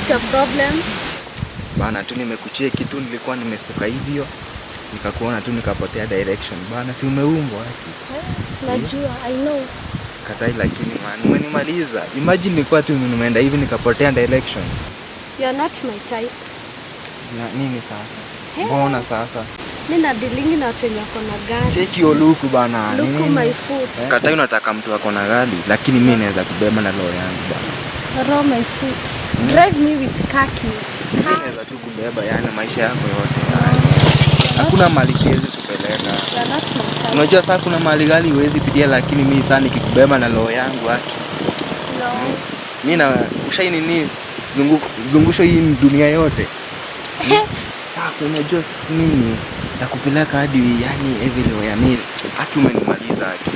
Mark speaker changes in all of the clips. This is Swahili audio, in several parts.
Speaker 1: What's your problem?
Speaker 2: Bana tu nimekucheki tu, nilikuwa nimefuka hivyo nikakuona tu nikapotea direction. Bana si umeumbwa eh,
Speaker 1: najua, I know.
Speaker 2: Katai lakini man, umenimaliza. Imagine nilikuwa tu nimeenda hivi nikapotea direction.
Speaker 1: You are not my type.
Speaker 2: Na nini sasa? Eh? Mbona Sasa
Speaker 1: mimi na dealing na watu wenye wako na gari.
Speaker 2: Check your look bana.
Speaker 1: Look my foot.
Speaker 2: Eh? Katai unataka mtu wako na gari, lakini mimi naweza kubeba na roho yangu bana
Speaker 1: roho my sweet. Mm. Drive me with kaki.
Speaker 2: Naweza tu kubeba yani maisha yako yote. Yaani. Hakuna mali siwezi kupeleka. Unajua sasa kuna mali ghali huwezi pitia, lakini mimi sasa nikikubeba na roho yangu haki. Ah. Mimi na ushai nini zungusho hii dunia yote. Sasa unajua mimi nakupeleka hadi yani everywhere. Mimi haki umenimaliza haki.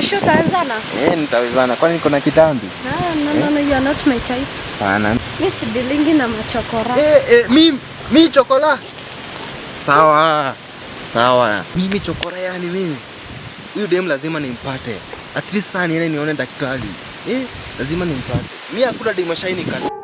Speaker 1: Osho utawezana?
Speaker 2: Eh, nitawezana. Kwani niko na kitambi?
Speaker 1: Ah, no, no, no, you are not my type. Hapana. Mimi si bilingi na machokora.
Speaker 2: Eh, eh, mimi mi chokora. Sawa. Sawa. Mimi chokora yani mimi. Huyu dem lazima nimpate. At least sana ile nione daktari. Eh, lazima nimpate. Mimi hakuna dem shaini kali.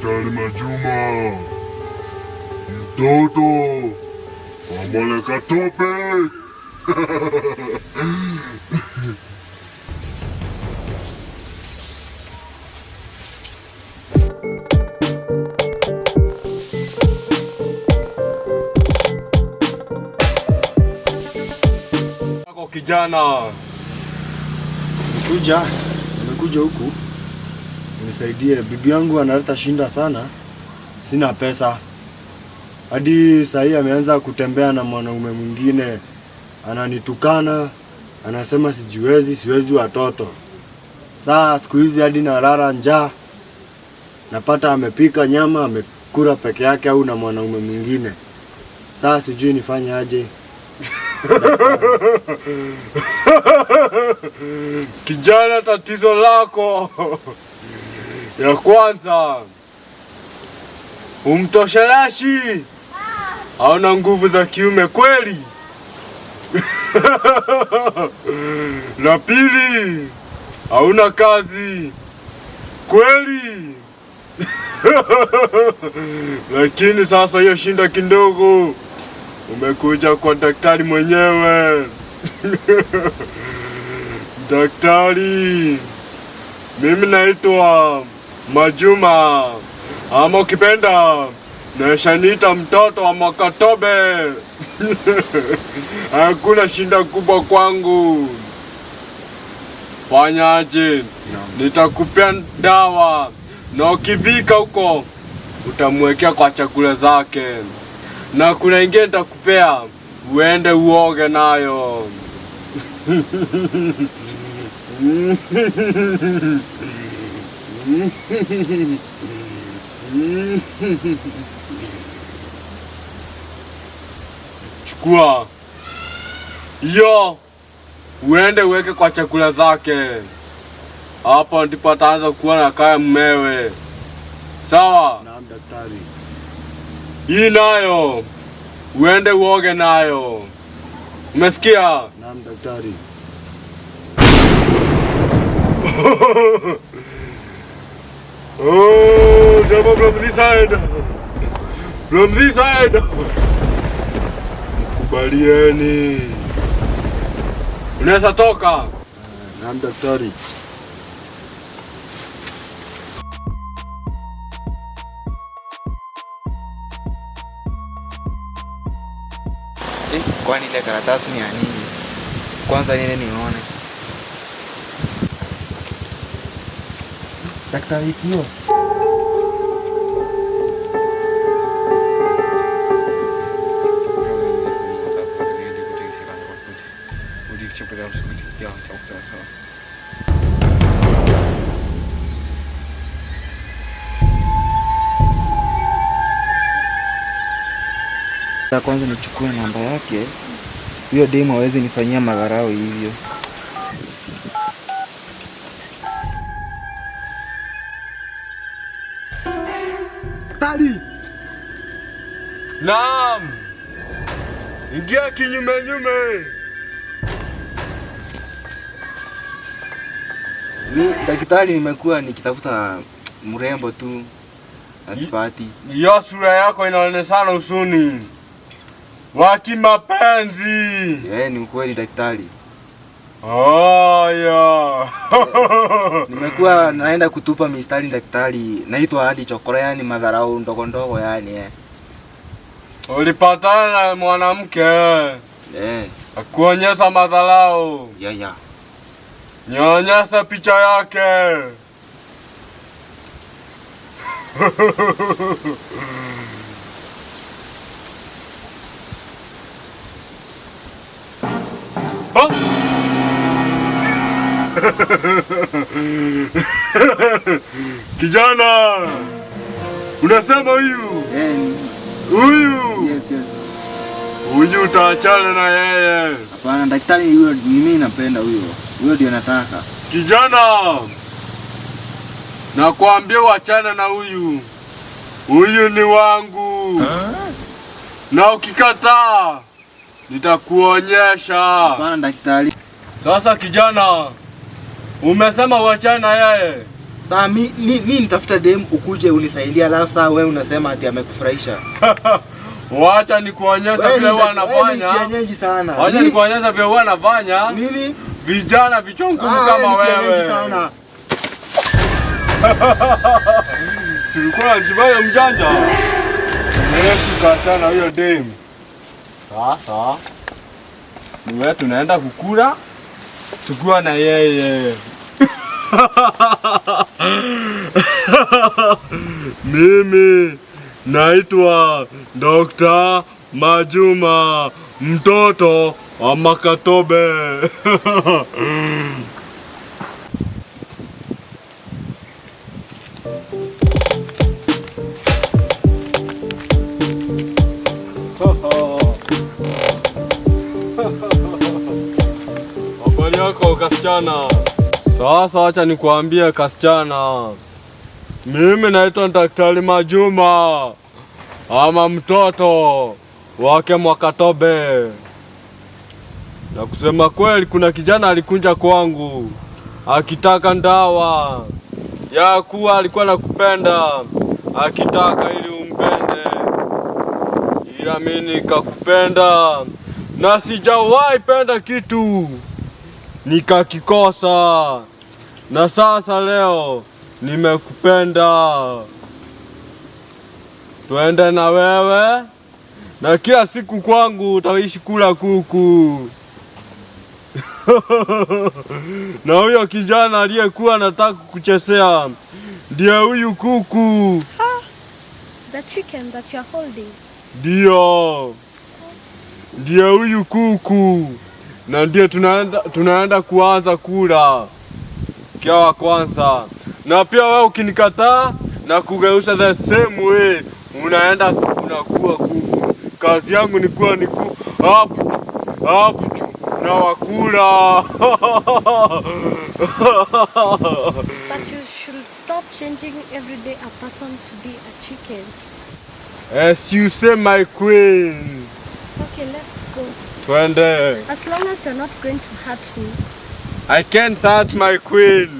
Speaker 3: Mtalima majuma mtoto wa mwaleka tope. Kijana, kuja umekuja huku nisaidie, bibi yangu analeta shinda sana, sina pesa. Hadi sahii ameanza kutembea na mwanaume mwingine, ananitukana, anasema sijiwezi, siwezi watoto. Saa siku hizi hadi nalala njaa, napata amepika nyama amekula peke yake au na mwanaume mwingine. Saa sijui nifanye aje. Kijana, tatizo lako Ya kwanza umtosheleshi, aona nguvu za kiume kweli. La pili hauna kazi kweli. Lakini sasa hiyo shinda kidogo, umekuja kwa daktari mwenyewe. Daktari, mimi naitwa Majuma ama ukipenda nashaniita mtoto wa Makatobe. Hakuna shinda kubwa kwangu. Fanyaje? Nitakupea dawa na ukivika huko utamwekea kwa chakula zake, na kuna ingine nitakupea uende uoge nayo. Chukua hiyo uende uweke kwa chakula zake. Hapo ndipo ataanza kuwa na kaya mmewe. Sawa? Naam daktari. Hii nayo uende uoge nayo. Umesikia?
Speaker 4: Naam daktari.
Speaker 3: Oh, double from this side. From this side. Kubalieni. Unaweza toka.
Speaker 4: Na eh, daktari.
Speaker 2: Eh, kwani ile karatasi ni ya nini? Kwanza nini nione? daktari Kiwa. Kwanza nichukue namba yake, huyo demu awezi nifanyia madharau hivyo.
Speaker 3: Naam, ingia kinyume nyume.
Speaker 2: Ni daktari, nimekuwa nikitafuta mrembo tu asipati.
Speaker 3: Hiyo sura yako inaonekana usuni wa kimapenzi.
Speaker 2: Eh, ni ukweli daktari.
Speaker 3: Oh, yeah.
Speaker 2: nimekuwa naenda kutupa mistari daktari, naitwa hadi chokora, yani madharau ndogo ndogo yani eh
Speaker 3: ulipatana na mwanamke eh, akuonyesha madharau yeah, yeah. Nionyeshe picha yake Kijana, unasema huyu e. huyu Huyu utaachana na yeye.
Speaker 2: Hapana daktari, huyo mimi napenda huyo, huyo ndio nataka.
Speaker 3: Kijana, nakwambia uachana na huyu, huyu ni wangu ha? na ukikataa nitakuonyesha. Hapana daktari. Sasa kijana, umesema uachana na yeye.
Speaker 2: Saa mi, mi, mi nitafuta demu ukuje unisaidia, alafu saa wewe unasema ati amekufurahisha
Speaker 3: Wacha ni kuonyesha vile huwa anafanya. Wacha ni kuonyesha vile huwa anafanya. Nini? Vijana vichungu ah, kama wewe. Tulikuwa tunajibaya mjanja. Wewe tukatana hiyo demu.
Speaker 2: Sasa ni wewe tunaenda kukula Tukua na yeye.
Speaker 3: Mimi Naitwa Dr. Majuma mtoto wa Makatobe. Habari yako kasichana? Sasa acha nikuambie kasichana mimi naitwa Daktari Majuma ama mtoto wake Mwakatobe. Na kusema kweli, kuna kijana alikunja kwangu akitaka ndawa ya kuwa alikuwa nakupenda, akitaka ili umpende, ila mimi nikakupenda na sijawahi penda kitu nikakikosa, na sasa leo nimekupenda, twende na wewe, na kila siku kwangu utaishi kula kuku na huyo kijana aliyekuwa anataka kuchesea ndiye huyu kuku. Ah,
Speaker 1: the chicken that you're holding.
Speaker 3: Ndio, ndiye huyu kuku, na ndiye tunaenda, tunaenda kuanza kula kia wa kwanza na pia wewe ukinikataa na kugeusha the same way, unaenda unakuwa kuku. Kazi yangu ni kuwa ni ku hapo hapo tu na wakula As you say my queen.
Speaker 1: Okay, let's go.
Speaker 3: Twende. As
Speaker 1: long as you're not going to hurt me.
Speaker 3: I can't hurt my queen.